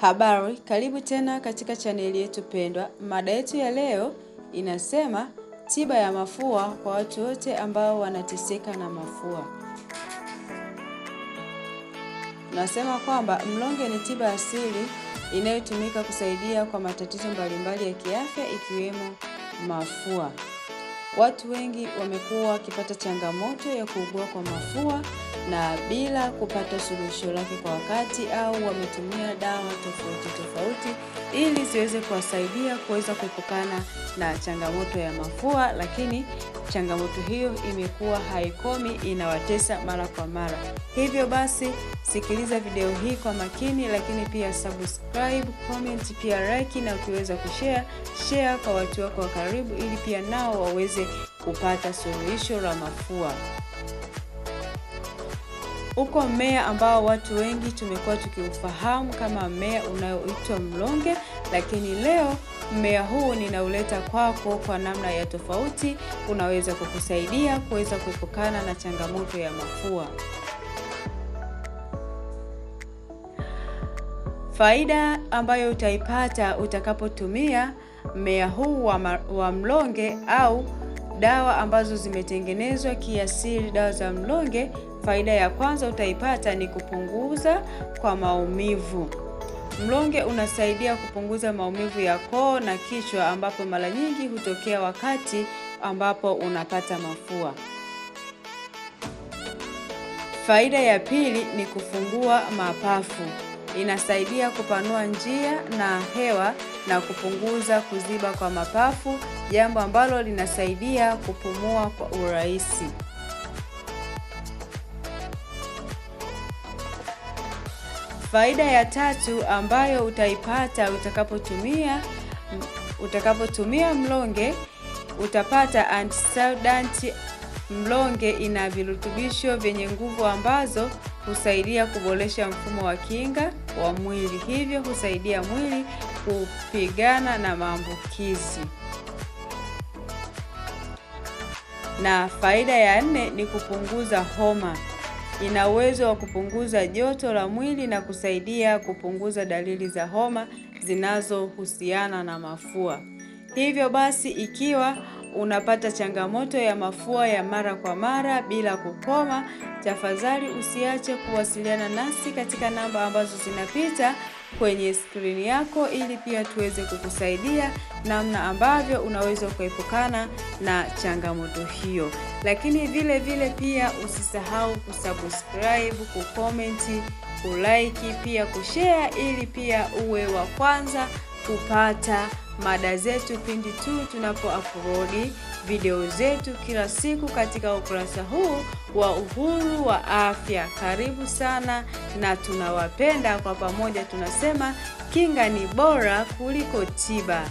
Habari, karibu tena katika chaneli yetu pendwa. Mada yetu ya leo inasema tiba ya mafua kwa watu wote ambao wanateseka na mafua. nasema kwamba mlonge ni tiba asili inayotumika kusaidia kwa matatizo mbalimbali ya kiafya ikiwemo mafua. Watu wengi wamekuwa wakipata changamoto ya kuugua kwa mafua na bila kupata suluhisho lake kwa wakati, au wametumia dawa tofauti tofauti ili ziweze kuwasaidia kuweza kuepukana na changamoto ya mafua, lakini changamoto hiyo imekuwa haikomi, inawatesa mara kwa mara. Hivyo basi, sikiliza video hii kwa makini, lakini pia subscribe, comment, pia like, na ukiweza kushare share kwa watu wako wa karibu, ili pia nao waweze kupata suluhisho la mafua. Uko mmea ambao watu wengi tumekuwa tukiufahamu kama mmea unaoitwa mlonge, lakini leo Mmea huu ninauleta kwako kwa namna ya tofauti, unaweza kukusaidia kuweza kuepukana na changamoto ya mafua. Faida ambayo utaipata utakapotumia mmea huu wa, wa mlonge au dawa ambazo zimetengenezwa kiasili, dawa za mlonge. Faida ya kwanza utaipata ni kupunguza kwa maumivu. Mlonge unasaidia kupunguza maumivu ya koo na kichwa ambapo mara nyingi hutokea wakati ambapo unapata mafua. Faida ya pili ni kufungua mapafu. Inasaidia kupanua njia na hewa na kupunguza kuziba kwa mapafu, jambo ambalo linasaidia kupumua kwa urahisi. Faida ya tatu ambayo utaipata utakapotumia utakapotumia mlonge utapata antioxidant. Mlonge ina virutubisho vyenye nguvu ambazo husaidia kuboresha mfumo wa kinga wa mwili, hivyo husaidia mwili kupigana na maambukizi. Na faida ya nne ni kupunguza homa. Ina uwezo wa kupunguza joto la mwili na kusaidia kupunguza dalili za homa zinazohusiana na mafua. Hivyo basi, ikiwa unapata changamoto ya mafua ya mara kwa mara bila kukoma, tafadhali usiache kuwasiliana nasi katika namba ambazo zinapita kwenye skrini yako, ili pia tuweze kukusaidia namna ambavyo unaweza kuepukana na changamoto hiyo lakini vile vile pia usisahau kusubscribe, kukomenti, kulike, pia kushare ili pia uwe wa kwanza kupata mada zetu pindi tu tunapoupload video zetu kila siku katika ukurasa huu wa Uhuru wa Afya. Karibu sana na tunawapenda kwa pamoja, tunasema kinga ni bora kuliko tiba.